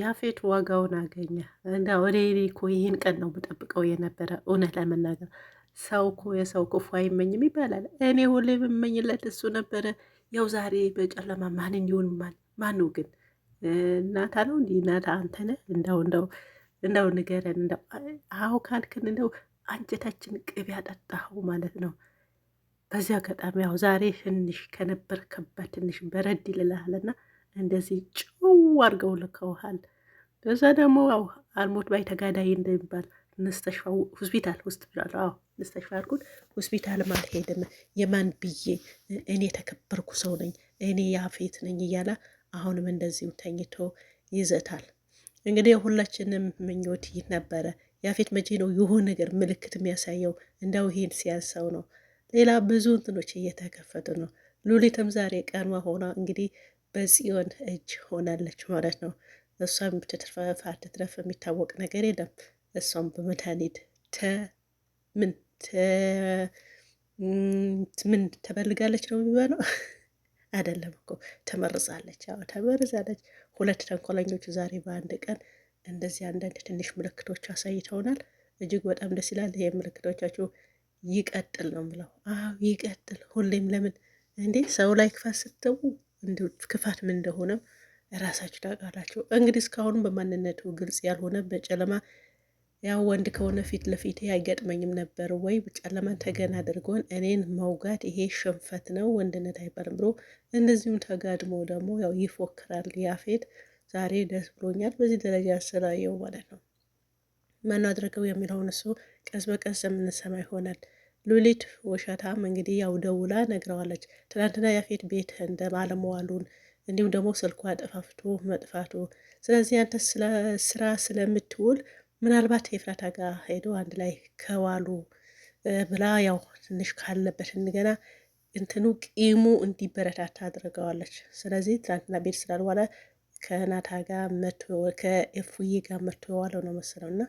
ያፌት ዋጋውን አገኘ እና ወደ እኔ እኮ ይህን ቀን ነው የምጠብቀው የነበረ። እውነት ለመናገር ሰው እኮ የሰው ክፉ አይመኝም ይባላል። እኔ ሁሌ የምመኝለት እሱ ነበረ። ያው ዛሬ በጨለማ ማን እንዲሆን ማን ማን ግን እናታ ነው እንዲህ እናታ አንተነ እንደው እንደው እንደው ንገረን እንደው አሁ ካልክን እንደው አንጀታችን ቅቤ ያጠጣኸው ማለት ነው። በዚህ አጋጣሚ ያው ዛሬ ትንሽ ከነበር ከባ ትንሽ በረድ ይልልሃልና እንደዚህ ጭው አድርገው ልከውሃል። በዛ ደግሞ ው አልሞት ባይ ተጋዳይ እንደሚባል ንስተሽፋ ሆስፒታል ውስጥ ብላለሁ። ው ንስተሽፋ አልኩት። ሆስፒታልም አልሄድም የማን ብዬ እኔ የተከበርኩ ሰው ነኝ እኔ ያፌት ነኝ እያለ አሁንም እንደዚሁ ተኝቶ ይዘታል። እንግዲህ ሁላችንም ምኞት ይህ ነበረ። ያፌት መቼ ነው የሆነ ነገር ምልክት የሚያሳየው? እንደው ይሄን ሲያሰው ነው። ሌላ ብዙ እንትኖች እየተከፈቱ ነው። ሉሊትም ዛሬ ቀኗ ሆና እንግዲህ በጽዮን እጅ ሆናለች ማለት ነው። እሷም የምትትርፈፋ ትትረፍ የሚታወቅ ነገር የለም። እሷም በመድኃኒት ምን ምን ተበልጋለች ነው የሚባለው አይደለም እኮ ተመርዛለች። አዎ ተመርዛለች። ሁለት ተንኮለኞቹ ዛሬ በአንድ ቀን እንደዚህ አንዳንድ ትንሽ ምልክቶች አሳይተውናል። እጅግ በጣም ደስ ይላል። ይሄ ምልክቶቻችሁ ይቀጥል ነው የምለው። አዎ ይቀጥል። ሁሌም ለምን እንዴ ሰው ላይ ክፋት ስትተዉ እንዲሁ ክፋት ምን እንደሆነ ራሳችሁ ታውቃላችሁ። እንግዲህ እስካሁኑ በማንነቱ ግልጽ ያልሆነ በጨለማ ያው ወንድ ከሆነ ፊት ለፊት አይገጥመኝም ነበር ወይ ጨለማን ተገን አድርጎን እኔን መውጋት ይሄ ሽንፈት ነው፣ ወንድነት አይባልም ብሎ እንደዚሁም ተጋድሞ ደግሞ ያው ይፎክራል ያፌት። ዛሬ ደስ ብሎኛል በዚህ ደረጃ ስላየው ማለት ነው። ማን አድረገው የሚለውን እሱ ቀስ በቀስ የምንሰማ ይሆናል። ሉሊት ውሸታም እንግዲህ ያው ደውላ ነግረዋለች። ትናንትና ያፌት ቤት እንደ ባለመዋሉን እንዲሁም ደግሞ ስልኳ ጠፋፍቶ መጥፋቱ፣ ስለዚህ አንተ ስራ ስለምትውል ምናልባት የፍራታ ጋር ሄዶ አንድ ላይ ከዋሉ ብላ ያው ትንሽ ካለበት እንገና እንትኑ ቂሙ እንዲበረታታ አድርገዋለች። ስለዚህ ትናንትና ቤት ስላልዋለ ከናታ ጋር መቶ ከኤፉዬ ጋር መቶ የዋለው ነው መሰለው እና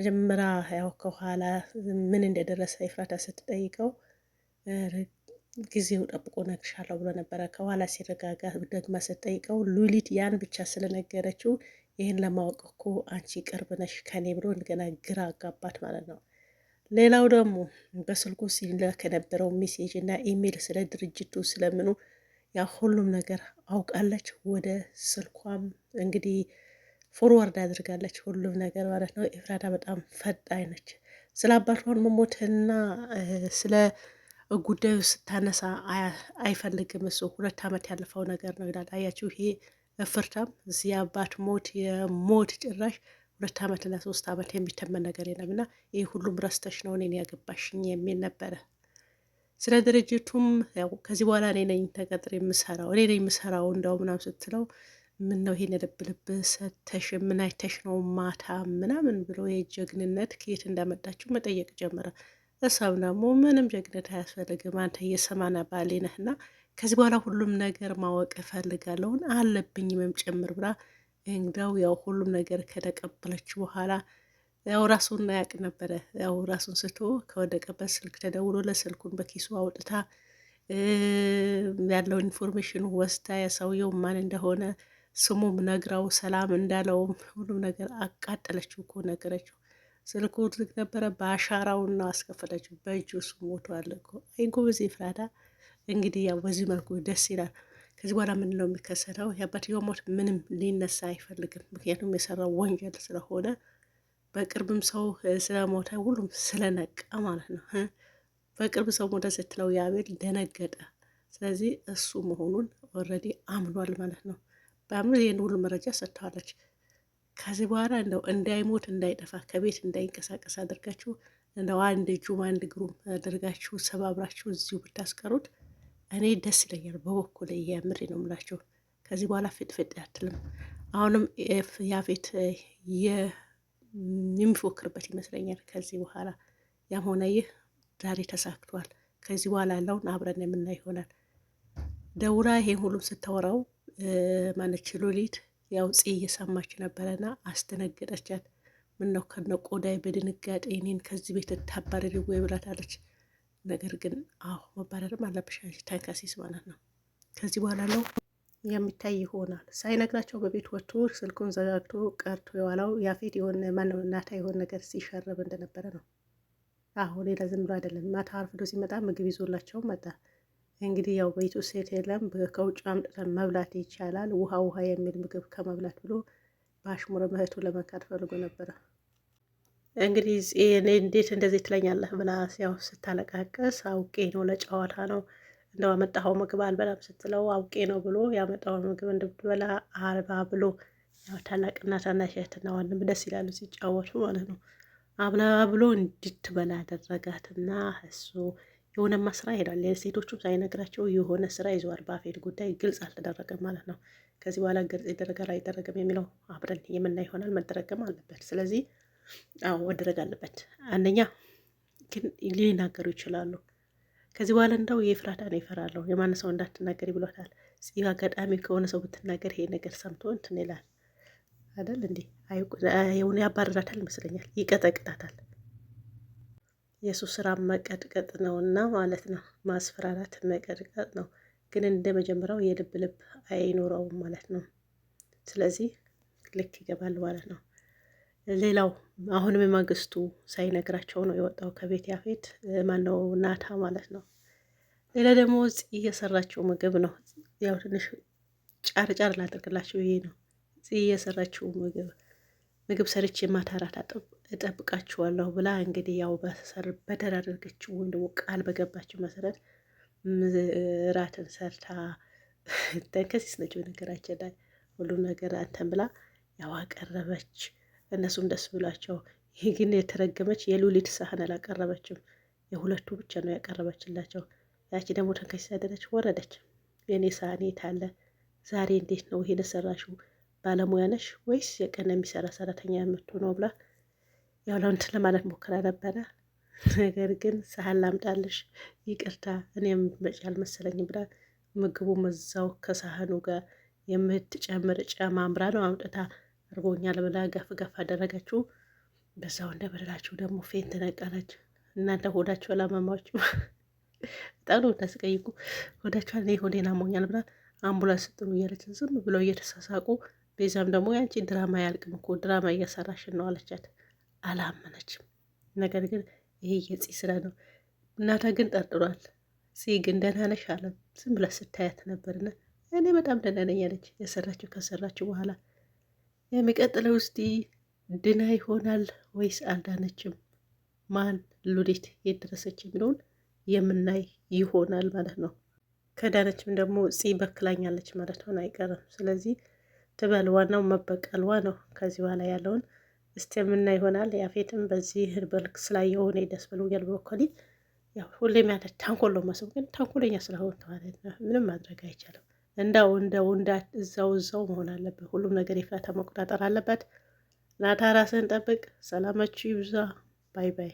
መጀመሪያ ያው ከኋላ ምን እንደደረሰ ይፍራታ ስትጠይቀው ጊዜው ጠብቆ ነግሻለሁ ብሎ ነበረ። ከኋላ ሲረጋጋ ደግማ ስትጠይቀው ሉሊት ያን ብቻ ስለነገረችው ይህን ለማወቅ እኮ አንቺ ቅርብ ነሽ ከኔ ብሎ እንደገና ግራ አጋባት ማለት ነው። ሌላው ደግሞ በስልኩ ሲላክ የነበረው ሜሴጅ እና ኢሜል ስለ ድርጅቱ ስለምኑ ያ ሁሉም ነገር አውቃለች። ወደ ስልኳም እንግዲህ ፎርወርድ አድርጋለች ሁሉም ነገር ማለት ነው። ኤፍራታ በጣም ፈጣኝ ነች። ስለ አባቷን መሞትና ስለ ጉዳዩ ስታነሳ አይፈልግም እሱ ሁለት ዓመት ያለፈው ነገር ነው ይላል። አያችሁ ይሄ ፍርታም እዚህ አባት ሞት የሞት ጭራሽ ሁለት ዓመትና ሶስት ዓመት የሚተመን ነገር የለም እና ይህ ሁሉም ረስተሽ ነው እኔን ያገባሽኝ የሚል ነበረ። ስለ ድርጅቱም ያው ከዚህ በኋላ እኔ ነኝ ተቀጥሬ የምሰራው እኔ ነኝ የምሰራው እንደው ምናምን ስትለው ምን ነው ይሄን ልብ ልብ ሰተሽ ምን አይተሽ ነው ማታ ምናምን ብሎ የጀግንነት ከየት እንዳመጣችው መጠየቅ ጀመረ። እሷም ደግሞ ምንም ጀግነት አያስፈልግም አንተ የሰማና ባሌ ነህና ከዚህ በኋላ ሁሉም ነገር ማወቅ እፈልጋለሁን አለብኝም ጭምር ብላ እንግዳው ያው ሁሉም ነገር ከተቀበለች በኋላ ያው ራሱን ያውቅ ነበረ። ያው ራሱን ስቶ ከወደቀበት ስልክ ተደውሎ ለስልኩን በኪሱ አውጥታ ያለው ኢንፎርሜሽን ወስዳ ያሳውየው ማን እንደሆነ ስሙም ነግራው ሰላም እንዳለውም ሁሉም ነገር አቃጠለችው እኮ ነገረችው። ስልኩ ትልቅ ነበረ፣ በአሻራውና አስከፈለችው። በእጁ እሱ ሞቷል እኮ አይንኮ በዚህ ፍራዳ። እንግዲህ ያው በዚህ መልኩ ደስ ይላል። ከዚህ በኋላ ምን ነው የሚከሰተው? የአባትየው ሞት ምንም ሊነሳ አይፈልግም። ምክንያቱም የሰራው ወንጀል ስለሆነ በቅርብም ሰው ስለሞተ ሁሉም ስለነቃ ማለት ነው። በቅርብ ሰው ሞተ ስትለው ያቤል ደነገጠ። ስለዚህ እሱ መሆኑን ኦልሬዲ አምኗል ማለት ነው። በጣም ይህን ሁሉ መረጃ ሰጥተዋለች። ከዚህ በኋላ እንደው እንዳይሞት እንዳይጠፋ ከቤት እንዳይንቀሳቀስ አድርጋችሁ እንደው አንድ እጁም አንድ እግሩም አድርጋችሁ ሰባብራችሁ እዚሁ ብታስቀሩት እኔ ደስ ይለኛል። በበኩል የምሬ ነው የምላችሁ። ከዚህ በኋላ ፍጥፍጥ አትልም። አሁንም ያፌት የሚፎክርበት ይመስለኛል። ከዚህ በኋላ ያም ሆነ ይህ ዛሬ ተሳክቷል። ከዚህ በኋላ ያለውን አብረን የምናይ ይሆናል። ደውላ ይሄን ሁሉም ስታወራው ማነች ሉሊት ያው ጽ እየሰማች ነበረና አስደነገጠቻት። ነው ከነ ቆዳይ በድንጋጤ እኔን ከዚህ ቤት ታባረሪ ወይ ብላታለች። ነገር ግን አሁ መባረርም አለብሽ አንቺ ታንካሲስ ማለት ነው። ከዚህ በኋላ ነው የሚታይ ይሆናል። ሳይነግራቸው በቤት ወጥቶ ስልኩን ዘጋግቶ ቀርቶ የዋላው ያፌት የሆነ ማነው እናታ የሆነ ነገር ሲሸርብ እንደነበረ ነው። አሁን ሌላ ዝም ብሎ አይደለም። ማታ አርፍዶ ሲመጣ ምግብ ይዞላቸው መጣ። እንግዲህ ያው ቤት ውስጥ ሴት የለም፣ ከውጭ አምጥተን መብላት ይቻላል። ውሃ ውሃ የሚል ምግብ ከመብላት ብሎ በአሽሙረ ምህቱ ለመካድ ፈልጎ ነበረ። እንግዲህ እኔ እንዴት እንደዚህ ትለኛለህ ብላ ያው ስታለቃቀስ አውቄ ነው ለጨዋታ ነው እንደው ያመጣኸው ምግብ አልበላም ስትለው አውቄ ነው ብሎ ያመጣውን ምግብ እንድትበላ አልባ ብሎ ያው ታላቅና ታናሽ እህትና ወንድም ደስ ይላሉ ሲጫወቱ ማለት ነው። አብላ ብሎ እንድትበላ አደረጋትና እሱ የሆነማ ስራ ይሄዳል። ሴቶቹም ሳይነግራቸው የሆነ ስራ ይዘዋል። በአፌድ ጉዳይ ግልጽ አልተደረገም ማለት ነው። ከዚህ በኋላ ግልጽ ይደረጋል አይደረግም የሚለው አብረን የምናይ ይሆናል። መደረግም አለበት። ስለዚህ አዎ መደረግ አለበት። አንደኛ ግን ሊናገሩ ይችላሉ። ከዚህ በኋላ እንደው የፍራታ ነው ይፈራለሁ፣ የማን ሰው እንዳትናገር ይብሏታል። ይህ አጋጣሚ ከሆነ ሰው ብትናገር ይሄ ነገር ሰምቶ እንትን ይላል አይደል እንዴ? የሆነ ያባረራታል ይመስለኛል፣ ይቀጠቅጣታል። የእሱ ስራ መቀጥቀጥ እና ማለት ነው። ማስፈራራት መቀጥቀጥ ነው። ግን እንደ መጀመሪያው የልብ ልብ አይኖረውም ማለት ነው። ስለዚህ ልክ ይገባል ማለት ነው። ሌላው አሁንም የማግስቱ ሳይነግራቸው ነው የወጣው ከቤት ያፌት ማነው ናታ ማለት ነው። ሌላ ደግሞ እየሰራችው ምግብ ነው ያው ትንሽ ጫር ጫር ይሄ ነው እየሰራችው ምግብ ምግብ ሰርቼ ማታ እራት እጠብቃችኋለሁ ብላ እንግዲህ ያው በደር ወይም ደግሞ ቃል በገባችው መሰረት እራትን ሰርታ ተንከሲስ ነች። በነገራችን ላይ ሁሉም ነገር አንተን ብላ ያው አቀረበች። እነሱም ደስ ብሏቸው፣ ይህ ግን የተረገመች የሉሊት ሳህን አላቀረበችም። የሁለቱ ብቻ ነው ያቀረበችላቸው። ያቺ ደግሞ ተንከሲስ ያደረች ወረደች። የኔ ሳህን የት አለ ዛሬ? እንዴት ነው ይሄን ሰራሽው? ባለሙያ ነሽ ወይስ የቀን የሚሰራ ሰራተኛ የምትሆነው ብላ ያው ለእንትን ለማለት ሞከራ ነበረ። ነገር ግን ሳህን ላምጣልሽ፣ ይቅርታ እኔ የምትመጪ አልመሰለኝ ብላ ምግቡ መዛው ከሳህኑ ጋር የምትጨምር ጨማምራ ነው አምጥታ አድርጎኛል ብላ ገፍ ገፍ አደረጋችሁ። በዛው እንደበላችሁ ደግሞ ፌን ትነቀላችሁ። እናንተ ሆዳችሁ አላመማችሁ? በጣም ነው የምታስቀይቁ። ሆዳችኋል፣ እኔ ሆዴን አሞኛል ብላ አምቡላንስ ጥሩ እያለችን ዝም ብለው እየተሳሳቁ ቤዛም ደግሞ ያንቺ ድራማ ያልቅም እኮ ድራማ እያሰራሽን ነው አለቻት። አላመነችም። ነገር ግን ይሄ የጽ ስራ ነው። እናታ ግን ጠርጥሯል። ፂ ግን ደህና ነሽ አለ። ዝም ብላ ስታያት ነበርና እኔ በጣም ደህና ነኝ አለች። የሰራችው ከሰራችው በኋላ የሚቀጥለው ውስጥ ድና ይሆናል ወይስ አልዳነችም፣ ማን ሉሊት የደረሰች የሚለውን የምናይ ይሆናል ማለት ነው። ከዳነችም ደግሞ ጽ በክላኛለች ማለት ሆን አይቀርም። ስለዚህ ትበል። ዋናው መበቀልዋ ነው። ከዚህ በኋላ ያለውን እስቲ የምና ይሆናል። ያፌትም በዚህ በልክ ስላየው የሆነ ደስ ብሎኛል። በበኩሌ ያው ሁሌም ያለ ተንኮል መስብ ግን ተንኮለኛ ስለሆን ተዋለት ምንም ማድረግ አይቻልም። እንዳው እንደው እንዳ እዛው እዛው መሆን አለበት። ሁሉም ነገር ይፈታ መቆጣጠር አለበት። ናታ ራስህን ጠብቅ። ሰላማችሁ ይብዛ። ባይ ባይ።